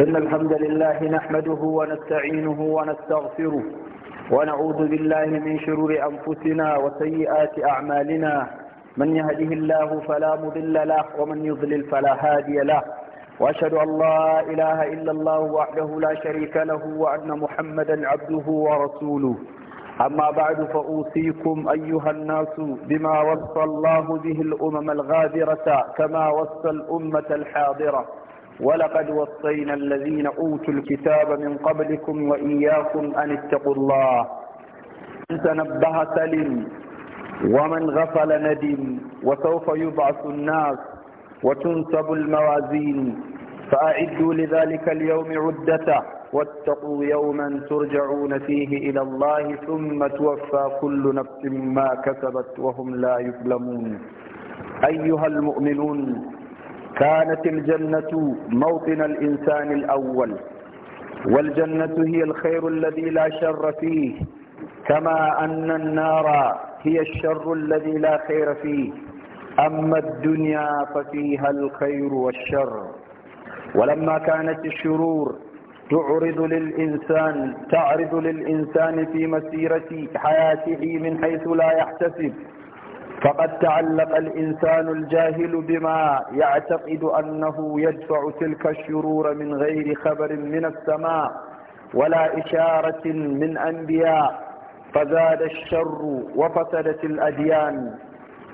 إن الحمد لله نحمده ونستعينه ونستغفره ونعوذ بالله من شرور أنفسنا وسيئات أعمالنا من يهده الله فلا مضل له ومن يضلل فلا هادي له وأشهد أن لا إله إلا الله وحده لا شريك له وأن محمدا عبده ورسوله أما بعد فأوصيكم أيها الناس بما وصى الله به الأمم الغابرة كما وصى الأمة الحاضرة ولقد وصينا الذين أوتوا الكتاب من قبلكم وإياكم أن اتقوا الله من تنبه سلم ومن غفل ندم وسوف يبعث الناس وتنسب الموازين فأعدوا لذلك اليوم عدته واتقوا يوما ترجعون فيه إلى الله ثم توفى كل نفس ما كسبت وهم لا يظلمون أيها المؤمنون كانت الجنة موطن الإنسان الأول والجنة هي الخير الذي لا شر فيه كما أن النار هي الشر الذي لا خير فيه أما الدنيا ففيها الخير والشر ولما كانت الشرور تعرض للإنسان تعرض للإنسان في مسيرة حياته من حيث لا يحتسب فقد تعلق الإنسان الجاهل بما يعتقد أنه يدفع تلك الشرور من غير خبر من السماء ولا إشارة من أنبياء فزاد الشر وفسدت الأديان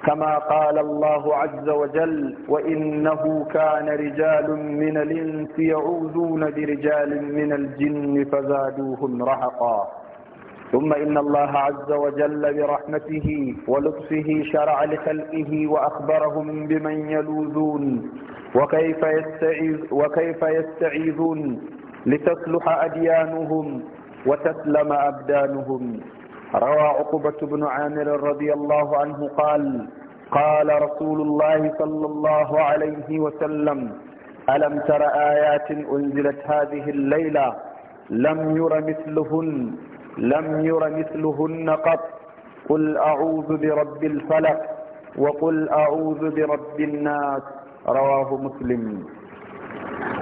كما قال الله عز وجل وإنه كان رجال من الإنس يعوذون برجال من الجن فزادوهم رهقا ثم إن الله عز وجل برحمته ولطفه شرع لخلقه وأخبرهم بمن يلوذون وكيف, يستعيذ وكيف يستعيذون لتصلح أديانهم وتسلم أبدانهم روى عقبة بن عامر رضي الله عنه قال قال رسول الله صلى الله عليه وسلم ألم تر آيات أنزلت هذه الليلة لم ير مثلهن لم ير مثلهن قط قل أعوذ برب الفلق وقل أعوذ برب الناس رواه مسلم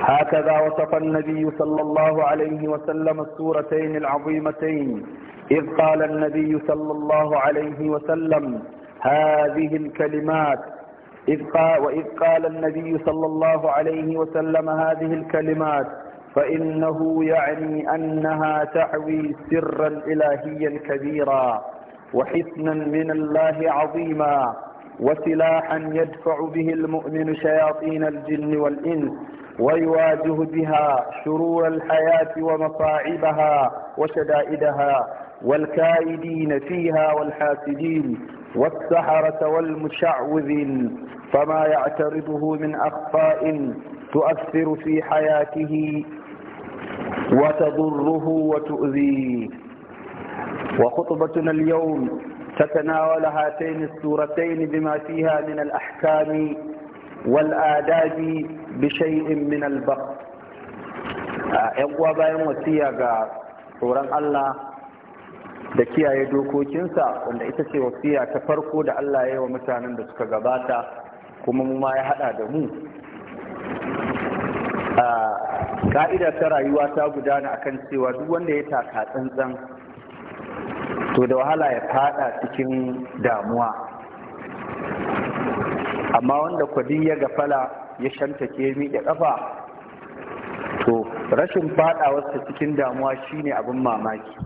هكذا وصف النبي صلى الله عليه وسلم السورتين العظيمتين إذ قال النبي صلى الله عليه وسلم هذه الكلمات إذ قال وإذ قال النبي صلى الله عليه وسلم هذه الكلمات فإنه يعني أنها تحوي سرا إلهيا كبيرا وحسنا من الله عظيما وسلاحا يدفع به المؤمن شياطين الجن والإنس ويواجه بها شرور الحياة ومصاعبها وشدائدها والكائدين فيها والحاسدين والسحرة والمشعوذين فما يعترضه من أخفاء تؤثر في حياته وتضره وتؤذيه وخطبتنا اليوم تتناول هاتين السورتين بما فيها من الأحكام والآداب بشيء من البخت يقوى باين وسيا قرآن الله da kiyaye dokokinsa wanda ita ce wasiya ta farko da Allah ya yi wa mutanen da suka gabata kuma mu ma ya hada da mu ka'ida ta rayuwa ta gudana akan cewa duk wanda ya taka tsantsan to da wahala ya fada cikin damuwa amma wanda kwadi ya gafala ya shantake miƙe ƙafa to rashin fadawarsa cikin damuwa shine abin mamaki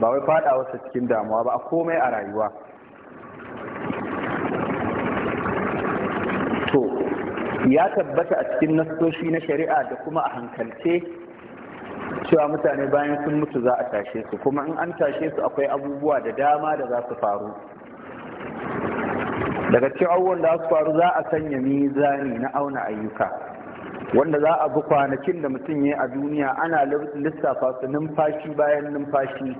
ba wai fadawarsa cikin damuwa ba a komai a rayuwa ya tabbata a cikin nasoshi na shari'a da kuma a hankalce cewa mutane bayan sun mutu za a tashe su kuma in an tashe su akwai abubuwa da dama da za su faru daga cikin abubuwan da su faru za a sanya mizani na auna ayyuka wanda za a bi kwanakin da mutum ya a duniya ana lissafa su numfashi bayan numfashi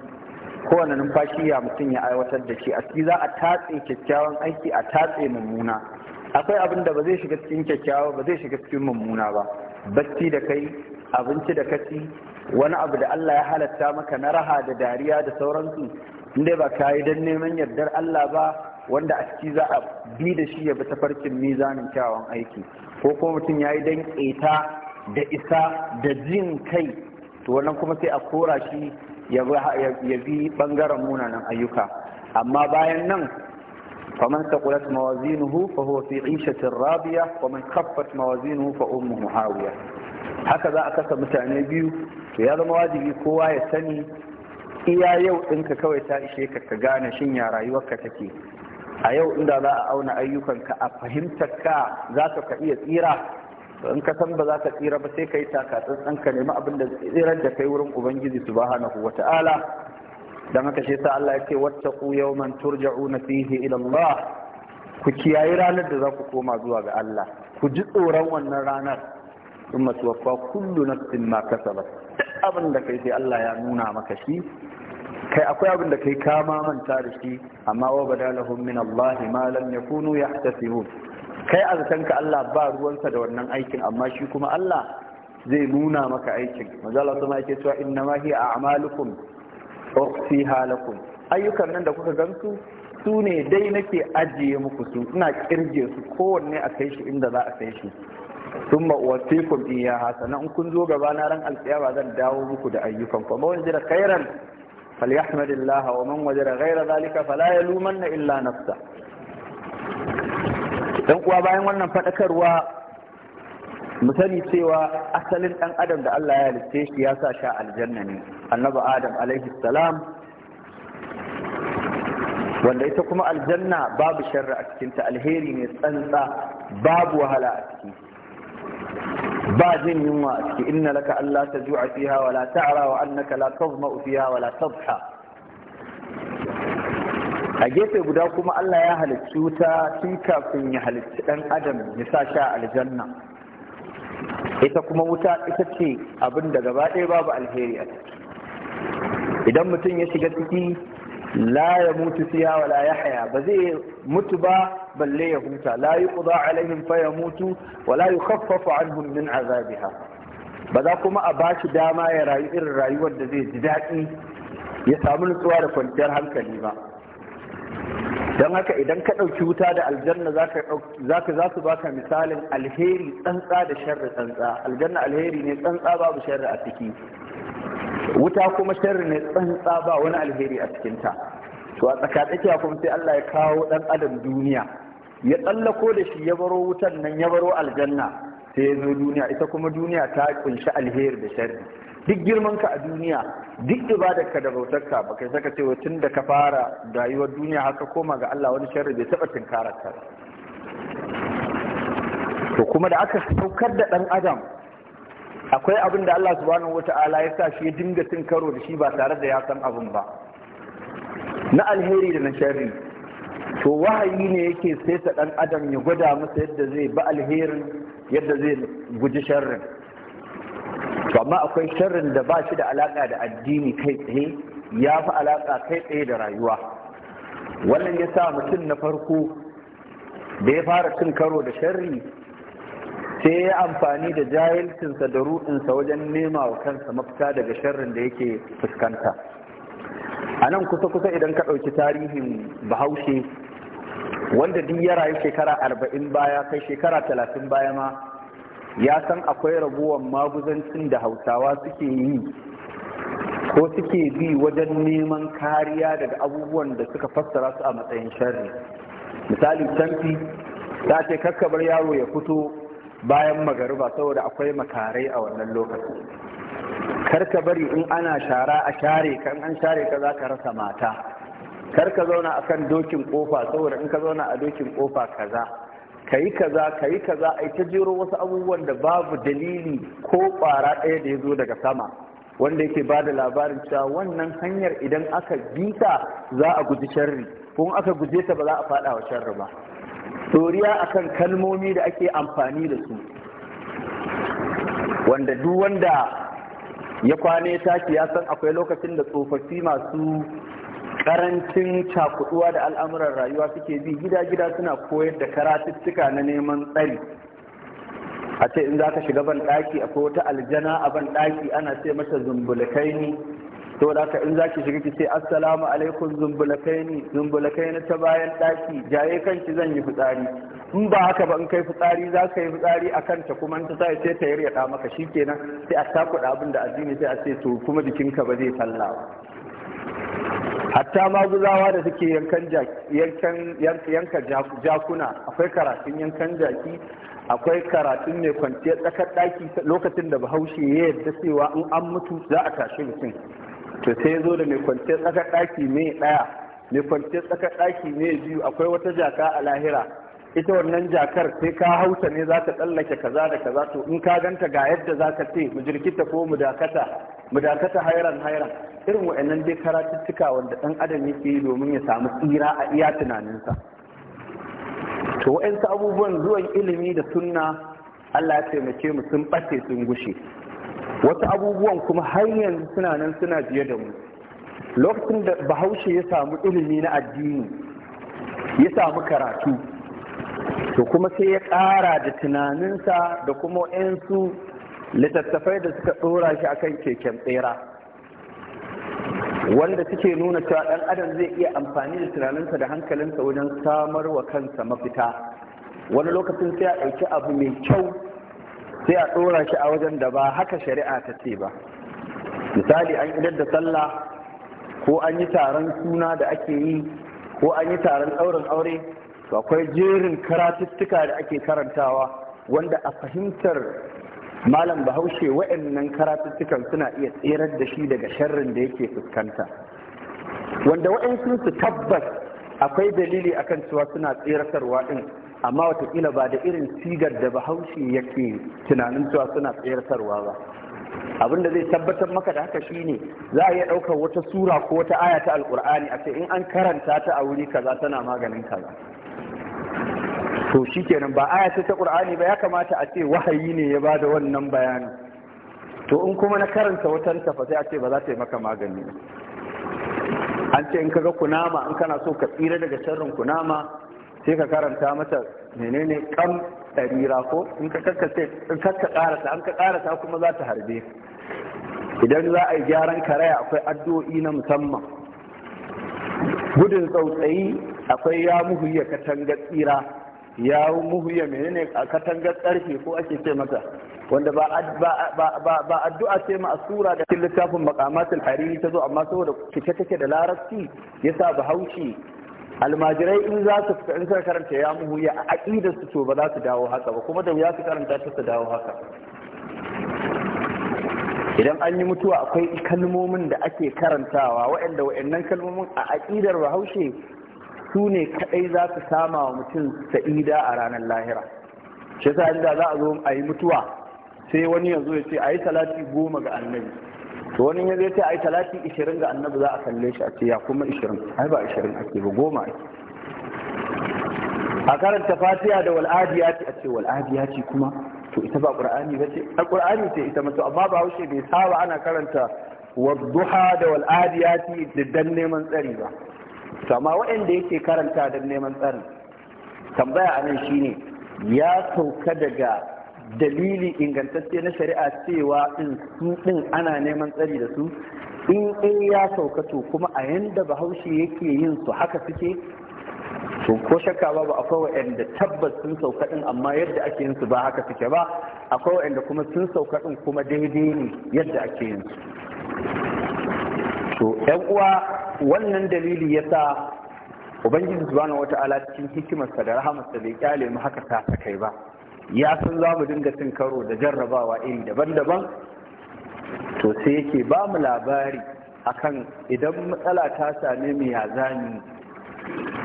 kowane numfashi ya mutum ya aiwatar da shi a ciki za a tatse kyakkyawan aiki a tatse mummuna akwai abin da ba zai shiga cikin kyakkyawa ba zai shiga cikin mummuna ba bacci da kai abinci da kaci wani abu da Allah ya halatta maka na raha da dariya da sauransu inda ba ka yi don neman yardar Allah ba wanda a ciki za a bi da shi ya bi ta farkin mizanin kyawun aiki ko ko mutum ya yi don da isa da jin kai to wannan kuma sai a kora shi ya bi ɓangaren munanan ayyuka amma bayan nan فمن ثقلت موازينه فهو في عيشة راضية ومن خفت موازينه فأمه هاوية هكذا أكثر متعني بيو يا ذا مواجبي كوا يسني iya yau ɗinka kawai ta ishe ka ka gane shinya rayuwarka take a yau inda za a auna ayyukanka a fahimtar ka za ka iya tsira in ka san ba za ka tsira ba sai ka yi taka tsantsan ka nemi abin da tsirar da kai wurin ubangiji subhanahu wata'ala don haka shi sa Allah yake wattaqu yawman turja'una fihi ila ku kiyaye ranar da za ku koma zuwa ga Allah ku ji tsoron wannan ranar thumma tuwaffa kullu sin ma kasabat abin da kai sai Allah ya nuna maka shi kai akwai abin da kai kama manta da shi amma wa minallahi min Allah ma lam yakunu yahtasibun kai azkanka Allah ba ruwansa da wannan aikin amma shi kuma Allah zai nuna maka aikin manzo Allah sama yake cewa inna ma hiya a'malukum fi halakum ayyukan nan da kuka gansu su ne dai nake ajiye muku su ina kirge su kowanne a kai shi inda za a kai shi sun ma'uwafikun iya sannan in kun zo gaba na ran alkiyama zan dawo muku da ayyukan ku amma wani jira khairan falyahmadillaha wa man wajara ghaira zalika fala yalumanna illa nafsa dan kuwa bayan wannan fadakarwa mu cewa asalin dan adam da Allah ya halitte shi ya sa sha aljanna ne annabi adam alaihi salam wanda ita kuma aljanna babu sharri a cikinta alheri ne tsantsa babu wahala a ciki ba jin yunwa a ciki inna laka Allah ta ju'a fiha wala ta'ra wa annaka la tazma'u fiha wala tadha a gefe guda kuma Allah ya halicci wuta tun kafin ya halicci dan adam ya sa sha aljanna ita kuma wuta ita ce abin da gaba ɗaya babu alheri a ciki idan mutum ya shiga ciki la ya mutu siya wa la haya, ba zai mutu ba balle ya huta la yi kuza alaihin fa mutu wa la yukhaffafu anhum min azabiha ba za kuma a bashi dama ya rayu irin rayuwar da zai ji daɗi ya samu nutsuwa da kwanciyar hankali ba don haka idan ka ɗauki wuta da aljanna za ka za su baka misalin alheri tsantsa da sharri tsantsa aljanna alheri ne tsantsa babu sharri a ciki wuta kuma sharri ne tsantsa ba wani alheri a cikinta to a tsakatsakiya kuma sai Allah ya kawo dan adam duniya ya tsallako da shi ya baro wutan nan ya baro aljanna sai ya zo duniya ita kuma duniya ta kunshi alheri da sharri duk girman ka a duniya duk ibadarka da bautarka ba kai saka cewa tun da ka fara rayuwar duniya haka koma ga Allah wani sharri bai taba tinkarar ka to kuma da aka saukar da dan adam akwai abin da Allah subhanahu wata'ala ya sa shi ya dinga tun karo da shi ba tare da ya san abin ba na alheri da na sharri to wahayi ne yake sai ta dan adam ya gwada masa yadda zai ba alherin yadda zai guji sharrin to amma akwai sharrin da ba shi da alaka da addini kai tsaye ya fi alaka kai tsaye da rayuwa wannan ya sa mutum na farko da ya fara cin karo da sharri sai ya amfani da jahilcinsa da ruɗinsa wajen nema wa kansa mafita daga sharrin da yake fuskanta a nan kusa-kusa idan ka ɗauki tarihin bahaushe wanda duk ya rayu shekara arba'in baya kai shekara talatin baya ma ya san akwai raguwan maguzancin da hausawa suke yi ko suke bi wajen neman kariya daga abubuwan da suka fassara su a matsayin sharri misali canfi ta ce kakkabar yaro ya fito bayan magariba saboda akwai makarai a wannan lokaci karka bari in ana shara a share ka in an share ka za ka rasa mata karka zauna a kan dokin kofa saboda in ka zauna a dokin kofa kaza ka yi kaza ka yi kaza yi ta jero wasu abubuwan da babu dalili ko kwara ɗaya da ya zo daga sama wanda yake ba da labarin cewa wannan hanyar idan aka bi ta za a guji sharri ko aka guje ta ba za a faɗa wa sharri ba doriya akan kalmomi da ake amfani da su wanda duk wanda ya kwane taki ya san akwai lokacin da tsofaffi masu karancin cakuduwa da al'amuran rayuwa suke bi gida-gida suna koyar da karatuttuka na neman tsari a ce in za ka shiga ban akwai wata aljana a ban ɗaki ana ce mata zumbulukai to da ka in zaki shiga ki ce assalamu alaikum zumbulakaini zumbulakaini ta bayan daki jaye kanki zan yi fitsari in ba haka ba in kai fitsari za ka yi fitsari a kanta kuma ta sai ta ta da maka shikenan sai a takuda abin da addini sai a ce to kuma jikinka ba zai falla hatta maguzawa da suke yanka jakuna akwai karatun yankan jaki akwai karatun mai kwanciyar tsakar daki lokacin da bahaushe ya yarda cewa in an mutu za a tashi mutum to sai zo da mai kwanciyar tsakar ɗaki ne ɗaya mai kwanciyar tsakar daki ne biyu akwai wata jaka a lahira ita wannan jakar sai ka hausa ne za ka tsallake kaza da kaza to in ka ganta ga yadda za ka ce mu jirkita ko mu dakata mu dakata hairan hairan irin wa'annan dai karatuttuka wanda ɗan adam yake yi domin ya samu tsira a iya tunaninsa to wa'ansu abubuwan zuwan ilimi da sunna Allah ya taimake mu sun ɓace sun gushe wasu abubuwan kuma har yanzu suna nan suna biye da mu lokacin da bahaushe ya samu ilimi na addini ya samu karatu to kuma sai ya ƙara da tunaninsa da kuma 'yansu littattafai da suka tsora shi akan keken tsera wanda suke nuna cewa ɗan adam zai iya amfani da tunaninsa da hankalinsa wajen samar wa kansa mafita wani lokacin sai a ɗauki abu mai kyau sai a ɗora shi a wajen da ba haka shari'a ta ce ba misali an idar da sallah ko an yi taron suna da ake yi ko an yi taron ɗaurin aure to akwai jerin karatuttuka da ake karantawa wanda a fahimtar malam bahaushe wa'annan karatuttukan suna iya tserar da shi daga sharrin da yake fuskanta wanda wa'ansu su tabbas akwai dalili akan cewa suna tseratarwa ɗin amma watakila ba da irin sigar da bahaushe yake tunanin cewa suna tsayartarwa ba abin da zai tabbatar maka da haka shine za a iya ɗaukar wata sura ko wata aya ta alkur'ani a ce in an karanta ta a wuri kaza tana maganin kaza to shikenan ba aya ta qur'ani ba ya kamata a ce wahayi ne ya bada wannan bayani to in kuma na karanta wata tafa sai a ce ba za ta yi maka magani an ce in kaga kunama in kana so ka tsira daga sharrin kunama sai ka karanta mata menene kam tarira ko in ka kakkace in ka karasa an ka karasa kuma za ta harbe idan za a yi gyaran karaya akwai addu'o'i na musamman gudun tsautsayi akwai ya muhuya katangar tsira ya muhuya menene a katangar tsarfe ko ake ce mata wanda ba addu'a ce ma sura da cikin littafin makamatul hariri ta zo amma saboda cike take da larabci yasa bahaushe almajirai in za su in suka karanta ya muhu ya aƙidar su to ba za su dawo haka ba kuma da wuya su karanta su dawo haka idan an yi mutuwa akwai kalmomin da ake karantawa waɗanda waɗannan kalmomin a aƙidar bahaushe su ne kaɗai za su sama wa mutum sa'ida a ranar lahira shi yasa za a zo a yi mutuwa sai wani yanzu ya ce a yi salati goma ga annabi to wani ya zai ce ai talatin ishirin ga annabi za a kalle shi a ce ya kuma ishirin ai ba ishirin ake ba goma ake a karanta Fatiya da wal'adiyati a ce wal'adiyati kuma to ita ba qur'ani ba ce a qur'ani ce ita mato amma ba haushe bai saba ana karanta wadduha da wal'adiyati da dan neman tsari ba to amma waɗanda yake karanta dan neman tsari tambaya a nan shine ya sauka daga dalili ingantacce na shari'a cewa in su din ana neman tsari da su in a ya sauka to kuma a yanda bahaushe yake yin su haka suke to ko shakka ba akwai waɗanda tabbas sun sauka din amma yadda ake yin su ba haka suke ba akwai waɗanda kuma sun sauka din kuma daidai ne yadda ake yin su to ƴan uwa wannan dalili yasa ubangiji subhanahu wata'ala cikin hikimarsa da rahamarsa bai kyale mu haka ta kai ba ya san za mu dinga cin karo da jarrabawa iri daban-daban to sai yake ba mu labari akan idan matsala ta same mu ya zani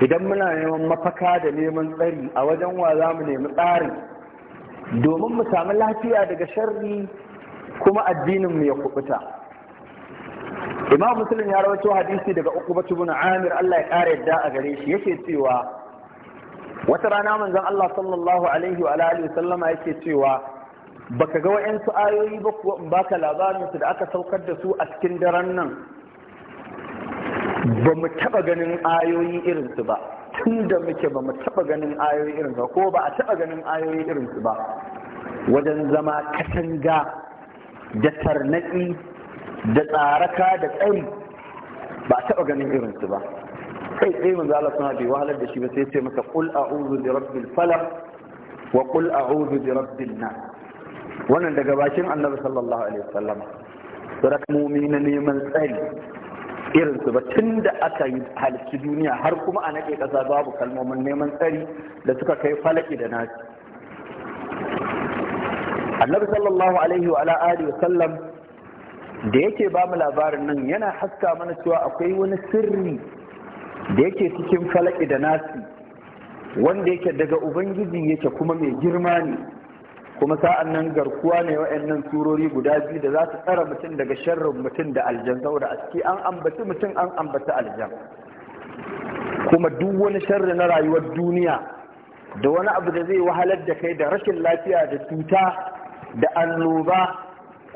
idan muna neman mafaka da neman tsari a wajen wa za mu nemi tsarin domin mu sami lafiya daga sharri kuma addinin mu ya kubuta imam muslim ya rawaito hadisi daga uku bin amir allah ya kara yadda a gare shi yake cewa wata rana manzon Allah sallallahu alaihi wa alihi sallama yake cewa baka ga wayansu ayoyi ba kuwa in baka labarin su da aka saukar da su a cikin daren nan ba mu taba ganin ayoyi irin su ba tun da muke ba mu taba ganin ayoyi irin su ko ba a taba ganin ayoyi irin su ba wajen zama katanga da tarnaki da tsaraka da tsari ba a taba ganin irin su ba kai tsaye manzo Allah suna bai wahalar da shi ba sai ce masa qul a'udhu bi rabbil falaq wa qul a'udhu bi rabbin nas wannan daga bakin annabi sallallahu alaihi wasallam sarak mu'mina neman tsari irin su ba tun da aka yi halittu duniya har kuma a nake kasa babu kalmomin neman tsari da suka kai falaki da nasi annabi sallallahu alaihi wa alihi wasallam da yake ba mu labarin nan yana haska mana cewa akwai wani sirri da yake cikin falaki da nasi wanda yake daga ubangiji yake kuma mai girma ne kuma sa'an nan garkuwa ne wa'annan surori guda biyu da za su tsara mutum daga sharrin mutum da aljan saboda a ciki an ambaci mutum an ambaci aljan kuma duk wani sharri na rayuwar duniya da wani abu da zai wahalar da kai da rashin lafiya da cuta da annoba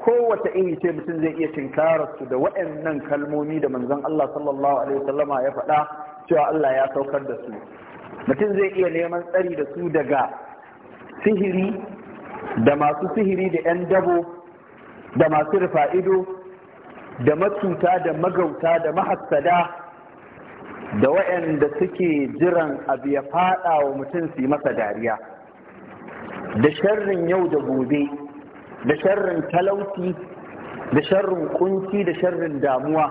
kowace iri ce mutum zai iya tinkarar su da waɗannan kalmomi da manzon Allah sallallahu alaihi wasallama ya faɗa cewa Allah ya saukar da su mutum zai iya neman tsari da su daga sihiri da masu sihiri da 'yan dabo da masu ido, da matuta da magauta da mahasada, da waɗanda suke jiran abu ya faɗa wa mutum su yi masa dariya da sharrin yau da gobe da sharrin talauci da sharrin kunci da sharrin damuwa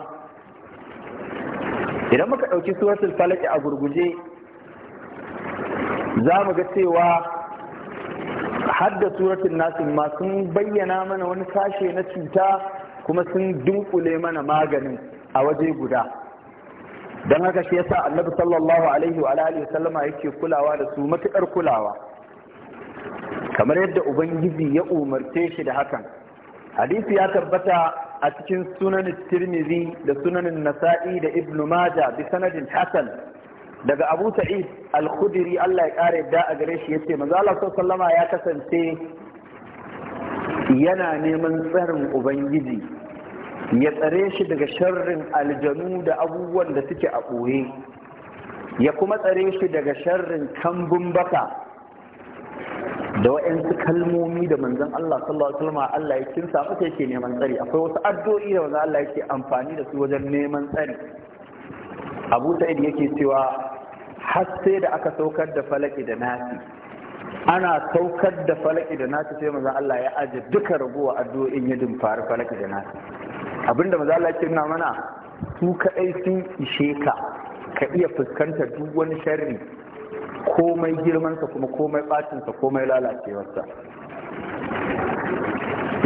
idan muka ɗauki suratul falaki a gurguje za mu ga cewa har suratun nasin ma sun bayyana mana wani sashe na cuta kuma sun dunkule mana maganin a waje guda don haka shi yasa annabi sallallahu alaihi wa alihi sallama yake kulawa da su matukar kulawa kamar yadda ubangiji ya umarce shi da hakan hadisi ya tabbata a cikin sunan tirmizi da sunan nasa'i da ibn majah bi sanadin hasan daga abu sa'id al-khudri Allah ya kare da a gare shi yace manzo Allah sallallahu ya kasance yana neman tsarin ubangiji ya tsare shi daga sharrin aljanu da abubuwan da suke a ɓoye ya kuma tsare shi daga sharrin kambun baka da wa'yansu kalmomi da manzon Allah sallallahu alaihi wasallam Allah ya kinsa mata yake neman tsari akwai wasu addu'o'i da manzon Allah yake amfani da su wajen neman tsari Abu Sa'id yake cewa har sai da aka saukar da falaki da nasi ana saukar da falaki da nasi sai manzon Allah ya aje duka ragowa addu'o'in ya fara falaki da nasi abinda manzon Allah yake nuna mana su kadai sun ishe ka ka iya fuskantar duk wani sharri komai girmansa kuma komai bacinsa komai lalacewarsa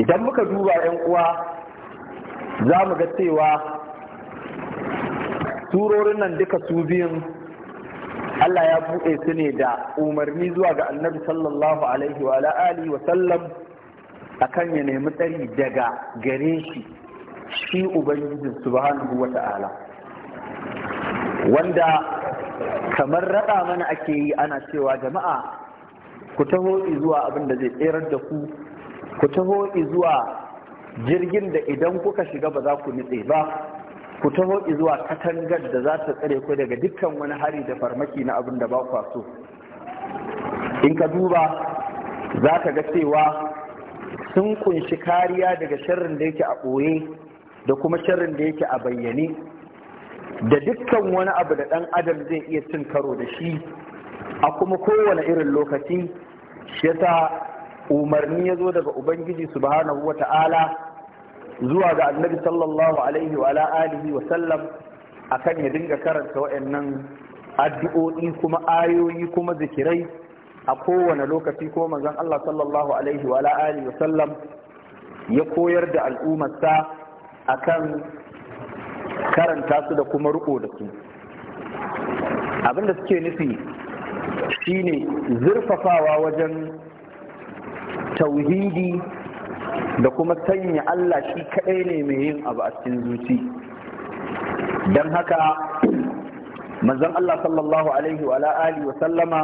idan muka duba yan uwa za mu ga cewa surorin nan duka su biyun Allah ya buɗe su ne da umarni zuwa ga annabi sallallahu alaihi wa alihi wa sallam akan ya nemi tsari daga gare shi shi ubangiji subhanahu wa ta'ala wanda kamar raɗa mana ake yi ana cewa jama'a ku taho zuwa abin da zai tserar da ku ku taho zuwa jirgin da idan kuka shiga ba za ku nitse ba ku taho zuwa katangar da za ta tsare ku daga dukkan wani hari da farmaki na abin da ba ku so in ka duba za ka ga cewa sun kunshi kariya daga sharrin da yake a ɓoye da kuma sharrin da yake a bayyane da dukkan wani abu da ɗan adam zai iya cin karo da shi a kuma kowane irin lokaci shi yasa umarni ya zo daga ubangiji subhanahu wa ta'ala zuwa ga annabi sallallahu alaihi wa alihi wa sallam akan ya dinga karanta waɗannan addu'o'i kuma ayoyi kuma zikirai a kowane lokaci kuma manzon Allah sallallahu alaihi wa alihi wa sallam ya koyar da al'ummarsa akan karanta su da kuma riko da su abinda suke nufi shine zurfafawa wajen tauhidi da kuma sanya Allah shi kaɗai ne mai yin abu a cikin zuci don haka manzon Allah sallallahu alaihi wa alihi wa sallama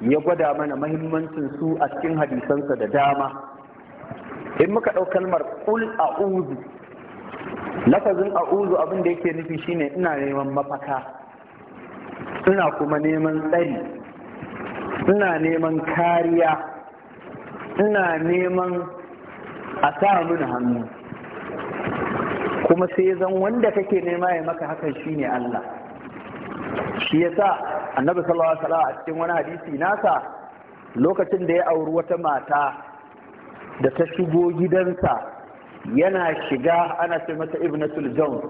ya gwada mana mahimmancin su a cikin hadisansa da dama in muka ɗau kalmar ƙul a'udhu lafazin a'uzu abin da yake nufi shine ina neman mafaka ina kuma neman tsari ina neman kariya ina neman a sa mini hannu kuma sai zan wanda kake nema ya maka hakan shine Allah shi yasa annabi sallallahu alaihi wasallam a cikin wani hadisi nasa lokacin da ya auri wata mata da ta shigo gidansa yana shiga ana ce mata ibnatul jawn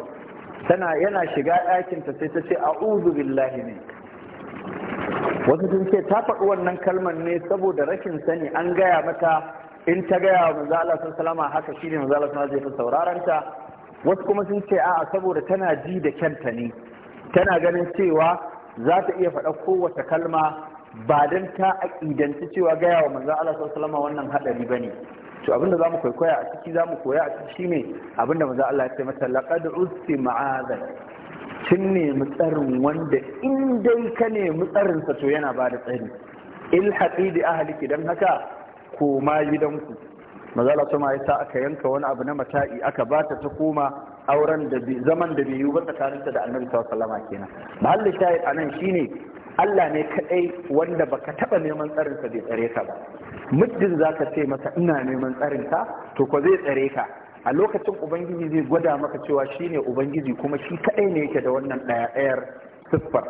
tana yana shiga ɗakinta sai ta ce a'udhu billahi ne wasu sun ce ta faɗi wannan kalmar ne saboda rashin sani an gaya mata in ta gaya wa manzo Allah sallallahu haka shine manzo Allah sallallahu alaihi sauraron ta wasu kuma sun ce a'a saboda tana ji da kyanta ne tana ganin cewa za ta iya faɗa kowace kalma ba dan ta aƙidanci cewa gaya wa manzo Allah sallallahu alaihi wannan hadari bane to abinda za zamu kwaikwaya a ciki za mu koya a ciki shine abinda maza Allah ya ce masa laƙadu usti ma'aza kin nemi tsarin wanda in ka nemi tsarin sa to yana bada tsari haɗi da ahaliki don haka koma gidanku Maza Allah ma ya sa aka yanka wani abu na mata'i aka bata ta koma auren da zaman da bai yi ba tsakaninta da Annabi sallallahu alaihi wasallam kenan mahallin anan shine Allah ne kaɗai wanda baka taɓa neman tsarinsa bai tsare ka ba muddin za ka ce masa ina neman tsarinka to ko zai tsare ka a lokacin ubangiji zai gwada maka cewa shi ne ubangiji kuma shi kaɗai ne yake da wannan ɗaya ɗayar siffar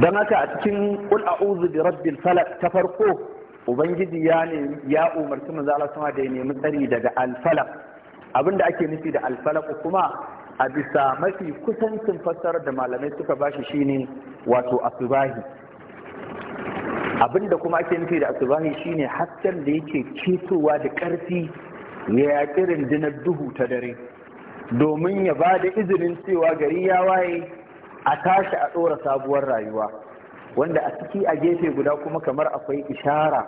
don haka a cikin ƙul a'udhu bi rabbil falaq ta farko ubangiji ya ne ya umarci manzo Allah sama da ya nemi tsari daga al abinda ake nufi da al kuma a bisa mafi kusancin fassarar da malamai suka bashi shine wato asubahi abinda kuma ake nufi da asubahi shine hasken da yake kitowa da ƙarfi ya yaƙi rundunar duhu ta dare domin ya ba da izinin cewa gari ya waye a tashi a ɗora sabuwar rayuwa wanda a ciki a gefe guda kuma kamar akwai ishara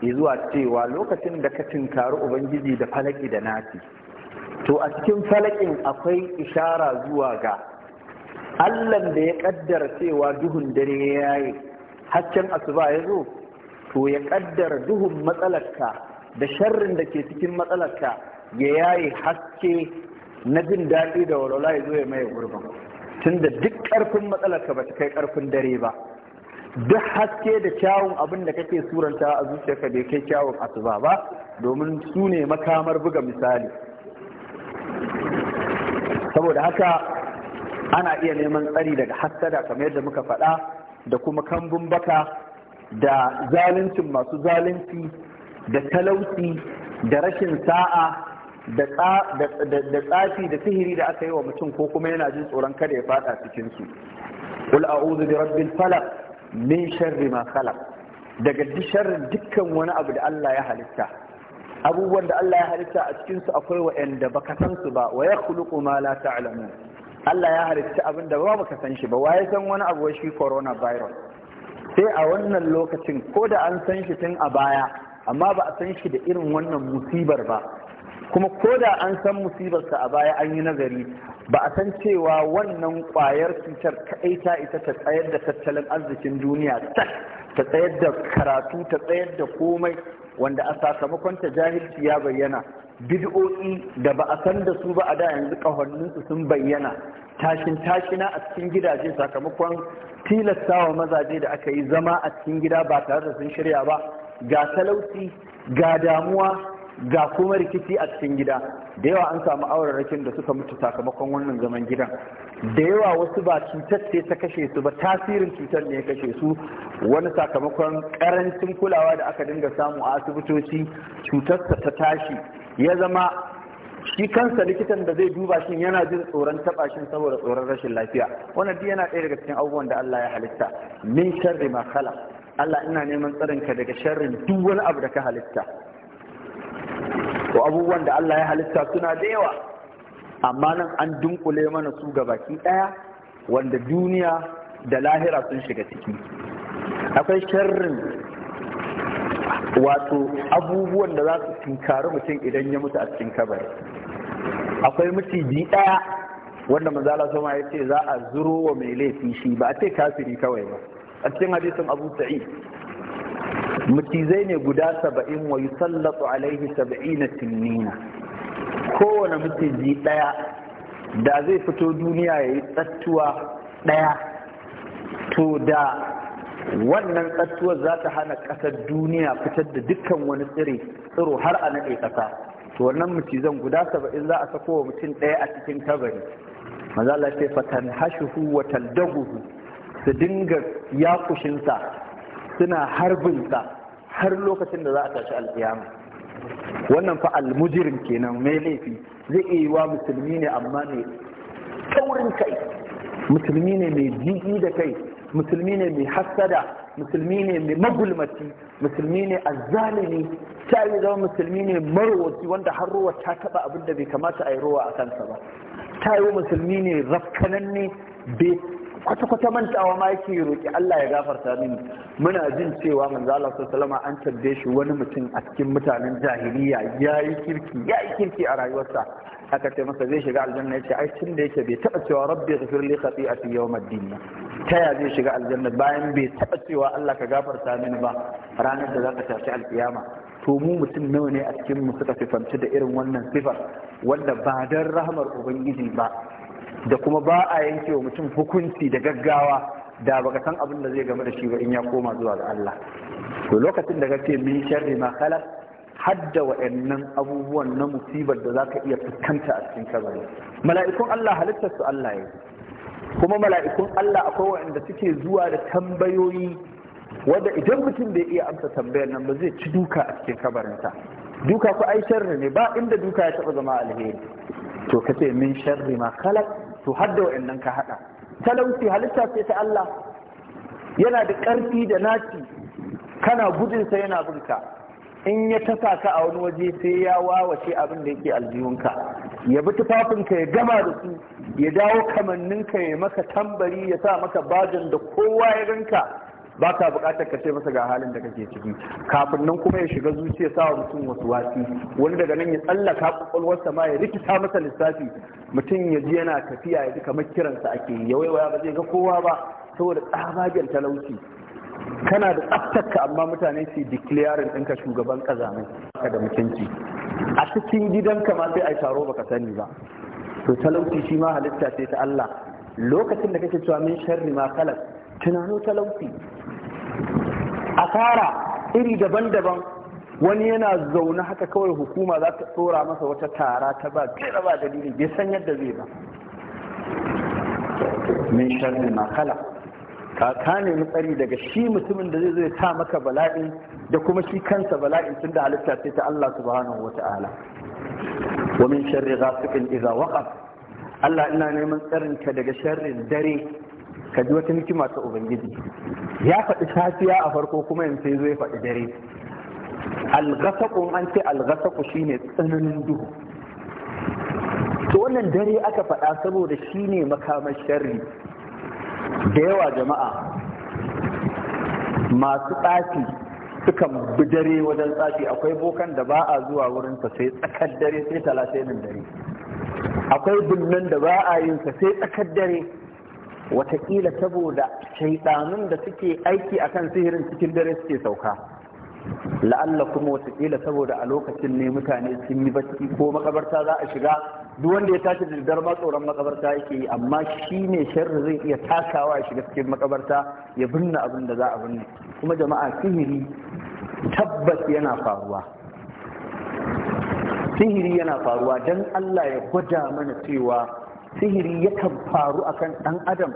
zuwa cewa lokacin da ka tinkari ubangiji da falaki da nati to a cikin falakin akwai ishara zuwa ga allan da ya kaddara cewa duhun dare ya yaye haccen asuba ya zo to ya kaddara duhun matsalarka da sharrin da ke cikin matsalarka ya yaye haske na jin daɗi da walwala ya zo ya maye gurbin tunda duk ƙarfin matsalarka ba ta kai ƙarfin dare ba duk haske da kyawun abin da kake suranta a zuciyarka bai kai kyawun asuba ba domin su ne makamar buga misali saboda haka ana iya neman tsari daga hassada kamar yadda muka faɗa da kuma kambun baka da zaluncin masu zalunci da talauci da rashin sa'a da tsafi da sihiri da aka yi wa mutum ko kuma yana jin tsoron kada ya fada cikin su qul a'udhu bi rabbil falaq min sharri ma khalaq daga dukkan wani abu da Allah ya halitta abubuwan da Allah ya halitta a cikinsu akwai wa'anda ba ka san su ba wa ya khuluqu ma la ta'lamu Allah ya halitta abin da ba ka san shi ba waye san wani abu shi virus sai a wannan lokacin ko da an san shi tun a baya amma ba a san shi da irin wannan musibar ba kuma ko da an san musibarsa a baya an yi nazari ba a san cewa wannan kwayar cutar kaɗai ta ita ta tsayar da tattalin arzikin duniya ta tsayar da karatu ta tsayar da komai wanda a sakamakon ta jahilci ya bayyana bid'o'i da ba a san da su ba a da yanzu kahonninsu sun bayyana tashin tashina a cikin gidaje sakamakon tilastawa mazaje da aka yi zama a cikin gida ba tare da sun shirya ba ga talauci ga damuwa ga kuma rikici a cikin gida da yawa an samu auren aurarrakin da suka mutu sakamakon wannan zaman gidan da yawa wasu ba cutar ce ta kashe su ba tasirin cutar ne ya kashe su wani sakamakon karancin kulawa da aka dinga samu a asibitoci cutarsa ta tashi ya zama shi kansa likitan da zai duba shi yana jin tsoron taba shi saboda tsoron rashin lafiya wannan duk yana ɗaya daga cikin abubuwan da Allah ya halitta min sharri ma khala Allah ina neman tsarin ka daga sharrin duk wani abu da ka halitta to abubuwan da Allah ya halitta suna da yawa amma nan an dunkule mana su ga baki ɗaya wanda duniya da lahira sun shiga ciki akwai sharrin wato abubuwan da za su tunkari mutum idan ya mutu a cikin kabari akwai mutiji ɗaya wanda manzala sama ya ce za a zuro wa mai laifi shi ba a ce kafiri kawai ba a cikin hadisin abu sa'id macizai ne guda saba'in wa yusallatu alaihi saba'ina tinnina kowane maciji ɗaya da zai fito duniya ya yi tsattuwa ɗaya to da wannan tsattuwar za ta hana ƙasar duniya fitar da dukkan wani tsiri tsiro har a naɗe ƙasa to wannan mutizan guda saba'in za a sako wa mutum ɗaya a cikin kabari maza Allah ce fatan hashuhu wa taldaguhu su dinga yakushinsa suna harbinsa har lokacin da za a tashi alkiyama wannan fa almujirim kenan mai laifi zai iya yiwa musulmi ne amma ne taurin kai musulmi ne mai jiki da kai musulmi ne mai hassada musulmi ne mai magulmaci musulmi ne azzalimi ta yi zama musulmi ne marwaci wanda har ruwa ta taba abin da bai kamata a yi ruwa a kansa ba ta yi musulmi ne rafkananne bai kwata-kwata mantawa ma yake roƙi Allah ya gafarta mini muna jin cewa manzo Allah sallallahu an tabbe shi wani mutum a cikin mutanen jahiliya yayi kirki yayi kirki a rayuwarsa aka ce masa zai shiga aljanna yace ai tun da yake bai taba cewa rabbi ghfir li khati'ati yawm ad-din ta ya zai shiga aljanna bayan bai taba cewa Allah ka gafarta mini ba ranar da zaka tashi alkiyama to mu mutum nawa ne a cikin mu suka sifanci da irin wannan sifar wanda ba dan rahmar ubangiji ba da kuma ba a yanke wa mutum hukunci da gaggawa da baka san abin da zai game da shi ba in ya koma zuwa ga Allah to lokacin da kake min sharri ma khalaq hadda wa'annan abubuwan na musibar da zaka iya fuskanta a cikin kabari mala'ikun Allah halittar su Allah ya kuma mala'ikun Allah akwai wa'anda suke zuwa da tambayoyi wanda idan mutum bai iya amsa tambayar nan ba zai ci duka a cikin kabarinsa duka ku ai sharri ne ba inda duka ya taba zama alheri to kace min sharri ma khalaq to har da wa'annan ka haɗa talauci halitta ce ta Allah yana da ƙarfi da naci kana gudunsa yana bunka. in ya tasa ka a wani waje sai ya wawace abin da yake aljihunka ya bi tufafinka ya gama da su ya dawo kamanninka ya maka tambari ya sa maka bajin da kowa ya ganka ba ka buƙatar ka ce masa ga halin da kake ciki kafin nan kuma ya shiga zuciya sa wa mutum wasu wasi wani daga nan ya tsallaka kwakwalwarsa ma ya rikita masa lissafi mutum ya ji yana tafiya ya ji kamar kiransa ake yi ya waiwaya ba zai ga kowa ba saboda tsabagen talauci kana da tsaftarka amma mutane su declaring ɗinka shugaban ƙazamai ka da mutunci a cikin gidanka ma sai a taro baka sani ba to talauci shi ma halitta ce ta Allah lokacin da kake cewa min sharri ma kalas tunano talauci asara iri daban-daban wani yana zaune haka kawai hukuma za ta tsora masa wata tara ta ba kera ba dalili bai san yadda zai ba mai sharri ma kala ka nemi tsari daga shi mutumin da zai zo ta maka bala'in da kuma shi kansa bala'in tun da halitta sai ta Allah subhanahu wata'ala wa min sharri ghasiqin idza waqab Allah ina neman tsarin ka daga sharrin dare ka ji wata hikima ta ubangiji ya faɗi safiya a farko kuma yanzu sai zo ya faɗi dare algasakun an ce algasaku shine tsananin duhu to wannan dare aka faɗa saboda shine makamar sharri da yawa jama'a masu tsafi sukan bi dare wajen tsafi akwai bokan da ba a zuwa wurin wurinsa sai tsakar dare sai talatinin dare akwai bullan da ba a yin sa sai tsakar dare watakila saboda shaidanun da suke aiki a kan sihirin cikin dare suke sauka la'alla kuma watakila saboda a lokacin ne mutane sun yi bacci ko makabarta za a shiga duk wanda ya tashi da daddare ma tsoron makabarta yake yi amma shi ne sharri zai iya takawa ya shiga cikin makabarta ya binne abin da za a binne kuma jama'a sihiri tabbas yana faruwa sihiri yana faruwa don Allah ya gwada mana cewa sihiri yakan faru kan ɗan adam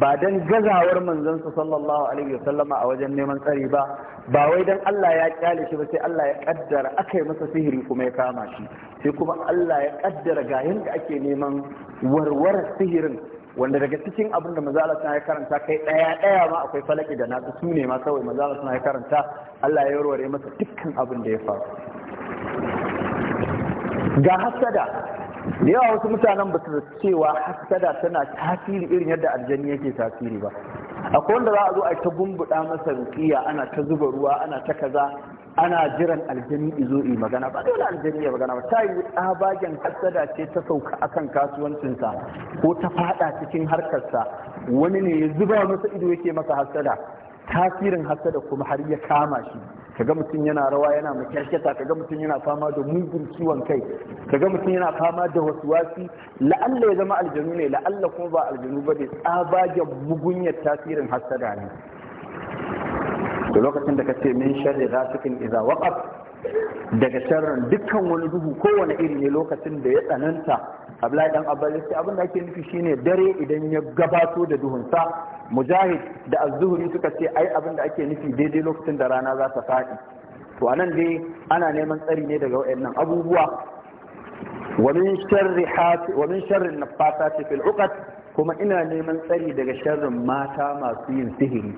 ba don gazawar manzansa sallallahu alaihi wasallama a wajen neman tsari ba ba wai don Allah ya kyale shi ba sai Allah ya kaddara aka yi masa sihiri kuma ya kama shi sai kuma Allah ya kaddara ga yadda ake neman warwarar sihirin wanda daga cikin abin da maza Allah ya karanta kai ɗaya ɗaya ma akwai falaki da nasu su ne ma kawai maza Allah ya karanta Allah ya warware masa dukkan abin da ya faru ga hasada da yawa wasu mutanen ba su cewa hasada tana tasiri irin yadda aljani yake tasiri ba akwai wanda za a zo a ta gumbuɗa masa rukiya ana ta zuba ruwa ana ta kaza ana jiran aljani izo yi magana ba dole aljani ya magana ba ta yi tsabagen hasada ce ta sauka akan kasuwancinsa ko ta fada cikin harkarsa wani ne ya zuba masa ido yake masa hasada tasirin hasada kuma har ya kama shi Ka ga mutum yana rawa yana makyarkyata kaga mutum yana fama da mugun ciwon kai kaga mutum yana fama da wasi la'alla ya zama aljanu ne la'alla kuma ba aljanu ba ne tsabagen mugunyar tasirin hasada ne da lokacin da ka ce min sharri kin iza waqab daga sharrin dukkan wani duhu kowane iri ne lokacin da ya tsananta abdullahi dan abbas ya abin da ake nufi shine dare idan ya gabato da duhunsa mujahid da az-zuhri suka ce ai abin da ake nufi daidai lokacin da rana za ta faɗi to anan dai ana neman tsari ne daga wayannan abubuwa wa min sharri hati wa min sharri nafasati fil uqad kuma ina neman tsari daga sharrin mata masu yin sihiri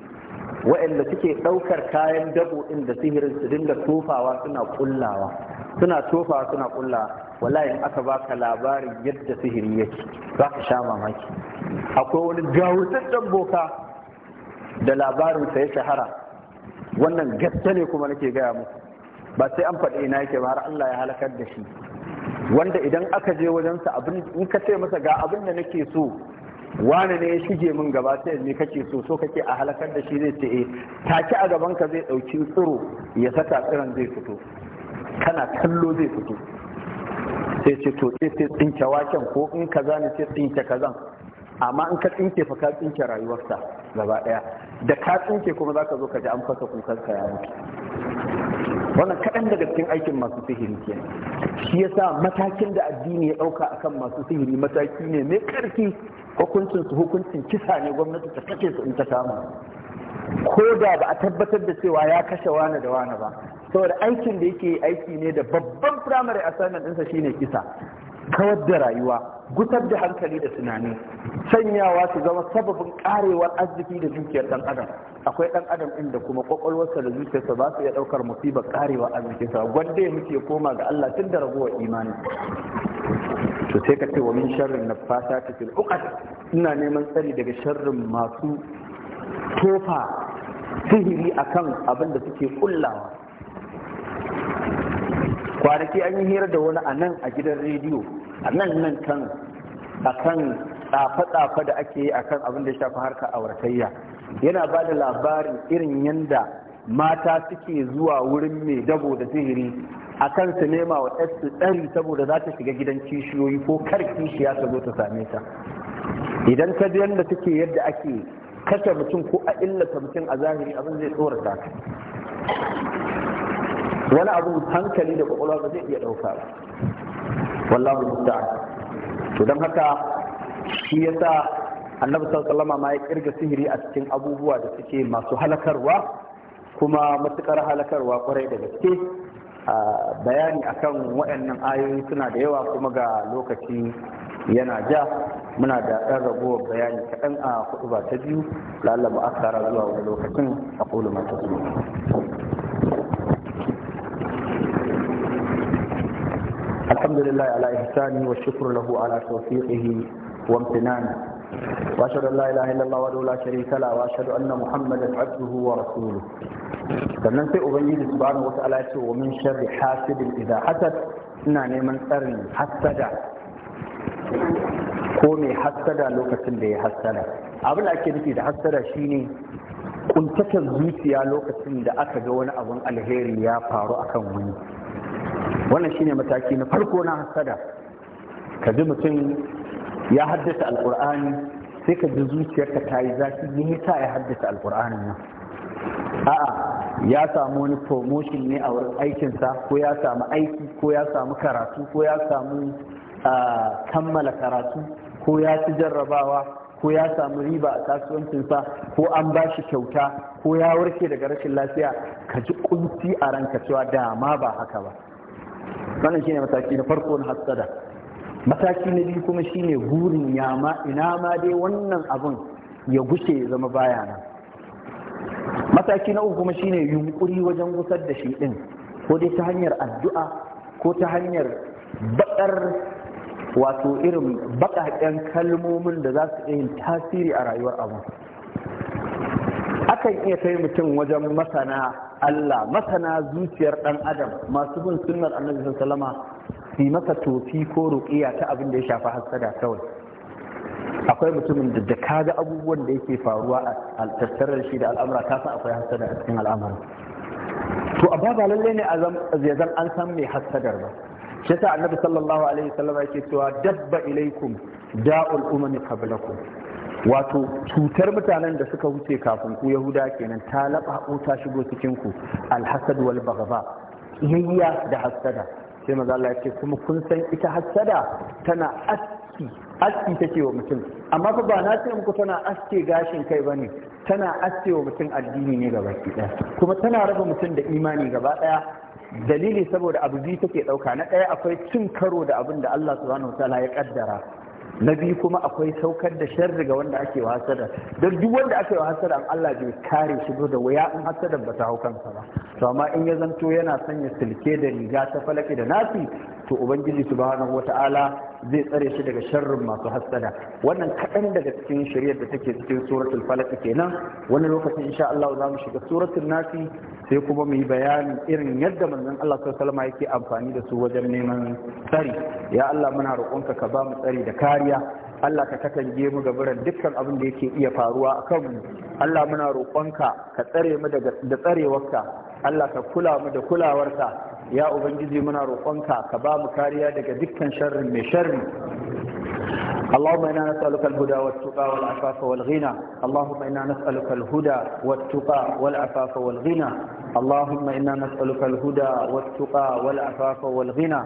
wayanda suke ɗaukar kayan dabo ɗin da sihirin su dinga tofawa suna kullawa suna tofawa suna kullawa wallahi aka baka labarin yadda sihiri yake za ka sha mamaki akwai wani gawutattan boka da labarin ya shahara wannan gaske ne kuma nake gaya muku ba sai an faɗi ina yake ba har Allah ya halakar da shi wanda idan aka je wajensa abin in ka ce masa ga abin da nake so wane ne ya shige min gaba sai me kake so so kake a halakar da shi zai ce eh take a gaban ka zai dauki tsiro ya saka tsiron zai fito kana kallo zai fito sai ce to sai sai tsinke waken ko in ka ne sai tsinke kazan amma in ka tsinke fa ka tsinke rayuwarsa gaba daya da ka tsinke kuma zaka zo ka ji an fasa kukan ka ya yi. wannan kaɗan daga cikin aikin masu sihiri ke shi yasa matakin da addini ya ɗauka kan masu sihiri mataki ne mai ƙarfi hukuncin su hukuncin kisa ne gwamnati ta kashe su in ta kama ko da ba a tabbatar da cewa ya kashe wani da wani ba saboda aikin da yake aiki ne da babban firamare assignment ɗinsa shine kisa kawar da rayuwa gutar da hankali da tunani sanyawa su zama sababin karewar arziki da dukiyar ɗan adam akwai ɗan adam ɗin da kuma kwakwalwarsa da zuciyarsa ba su iya ɗaukar musibar karewar arzikinsa gwanda ya muke koma ga Allah tun da ragowar imani to sai ka ce wa min sharrin nafasa ta fil uqad ina neman tsari daga sharrin masu tofa sihiri akan abin da suke kullawa kwanaki an yi hira da wani a nan a gidan rediyo a nan nan kan a kan tsafe-tsafe da ake yi a kan abin da shafi harkar auratayya yana ba da labarin irin yadda mata suke zuwa wurin mai dabo da sihiri a kan su nema wa su ɗari saboda za ta shiga gidan kishiyoyi ko kar kishiya ta zo ta same ta idan ka ji yadda take yadda ake kashe mutum ko a illata mutum a zahiri abin zai tsorata wani abu hankali da kwakwalwa ba zai iya ɗauka ba wallahu musta to don haka shi yasa annabi sallallahu ma ya kirga sihiri a cikin abubuwa da suke masu halakarwa kuma matukar halakarwa kwarai da gaske bayani a kan waɗannan ayoyi suna da yawa kuma ga lokaci yana ja muna da ɗan ragowar bayani kaɗan a kuɗu ba ta biyu lallaba akara zuwa wani lokacin a ƙulu masu الحمد لله على إحسانه والشكر له على توفيقه وامتنانه وأشهد أن لا إله إلا الله وحده لا شريك له وأشهد أن محمدا عبده ورسوله فننسى أبين سبحانه وتعالى ومن شر حاسد إذا حسد إنني من أرني حسدا كوني حسدا لو كتن لي حسد أبل أكيد إذا حسدا شيني كنت كذبت يا لو كتن لأكد وأنا أظن الهيري يا فارو أكون مني wannan shine mataki na farko na hasada ka ji mutum ya haddasa alkur'ani sai ka ji zuciyarka ta yi zafi ne sa ya haddasa alkur'ani nan a'a ya samu wani promotion ne a wurin aikinsa ko ya samu aiki ko ya samu karatu ko ya samu kammala karatu ko ya ci jarrabawa ko ya samu riba a kasuwancinsa ko an ba shi kyauta ko ya warke daga rashin lafiya ka ji kunci a ranka cewa dama ba haka ba wannan shine mataki na farko na hassada mataki na biyu kuma shine gurin yama ina ma dai wannan abun ya gushe ya zama baya mataki na uku kuma shine yunkuri wajen gusar da shi din ko dai ta hanyar addu'a ko ta hanyar bakar wato irin baƙaƙen kalmomin da za su yi tasiri a rayuwar abu akan iya kai mutum wajen masana Allah masana zuciyar ɗan adam masu bin sunnar annabi sallama su masa tofi ko ruƙiya ta abin da ya shafi hassada kawai akwai mutumin da da kaga abubuwan da yake faruwa a tattarar shi da al'amura ta san akwai hassada a cikin al'amura to amma ba lalle ne a zan an san mai hassadar ba shi yasa annabi sallallahu alaihi wasallam yake cewa dabba ilaikum da'ul umami qablakum wato cutar mutanen da suka wuce kafin ku yahuda kenan ta laɓaɓo ta shigo cikin ku alhasad wal bagaba yayya da hassada sai maza Allah yake kuma kun san ita hassada tana aski aski take wa mutum amma fa ba na ce muku tana aske gashin kai bane tana aske wa mutum addini ne gaba ɗaya kuma tana raba mutum da imani gaba ɗaya dalili saboda abu biyu take ɗauka na ɗaya akwai cin karo da abin da Allah subhanahu wataala ya kaddara na biyu kuma akwai saukar da shan ga wanda ake wa hasada don duk wanda ake wa hasada an Allah bai kare shi da waya in hasada ba ta hau kansa ba to amma in ya zanto yana sanya silke da riga ta falake da nafi to ubangiji subhanahu wata'ala zai tsare shi daga sharrin masu hassada wannan kaɗan daga cikin shari'ar da take cikin suratul falaq kenan wani lokacin insha Allah za mu shiga suratul nasi sai kuma mu yi bayanin irin yadda manzon Allah sallallahu alaihi yake amfani da su wajen neman tsari ya Allah muna roƙonka ka ba mu tsari da kariya Allah ka katange mu gaburan dukkan abin da yake iya faruwa a kanmu Allah muna roƙonka ka tsare mu da tsarewarka Allah ka kula mu da kulawarka ya ubangiji muna roƙonka ka ba mu kariya daga dukkan sharrin mai sharri اللهم انا نسالك الهدى والتقى والعفاف والغنى اللهم انا نسالك الهدى والتقى والعفاف والغنى اللهم انا نسالك الهدى والتقى والعفاف والغنى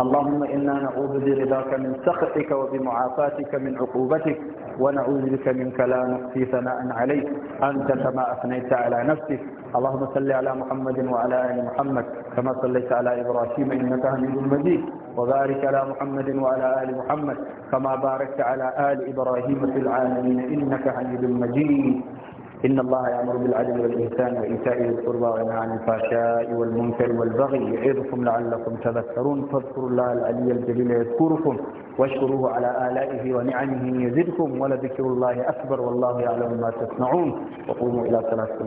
اللهم إنا نعوذ برضاك من سخطك وبمعافاتك من عقوبتك ونعوذ بك منك لا نحصي ثناء عليك أنت كما أثنيت على نفسك اللهم صل على محمد وعلى آل محمد كما صليت على إبراهيم إنك حميد مجيد وبارك على محمد وعلى آل محمد كما باركت على آل إبراهيم في العالمين إنك حميد مجيد إن الله يأمر بالعدل والإحسان وإيتاء ذي القربى وينهى عن الفحشاء والمنكر والبغي يعظكم لعلكم تذكرون فاذكروا الله العلي الجليل يذكركم واشكروه على آلائه ونعمه يزدكم ولذكر الله أكبر والله يعلم ما تصنعون وقوموا إلى صلاتكم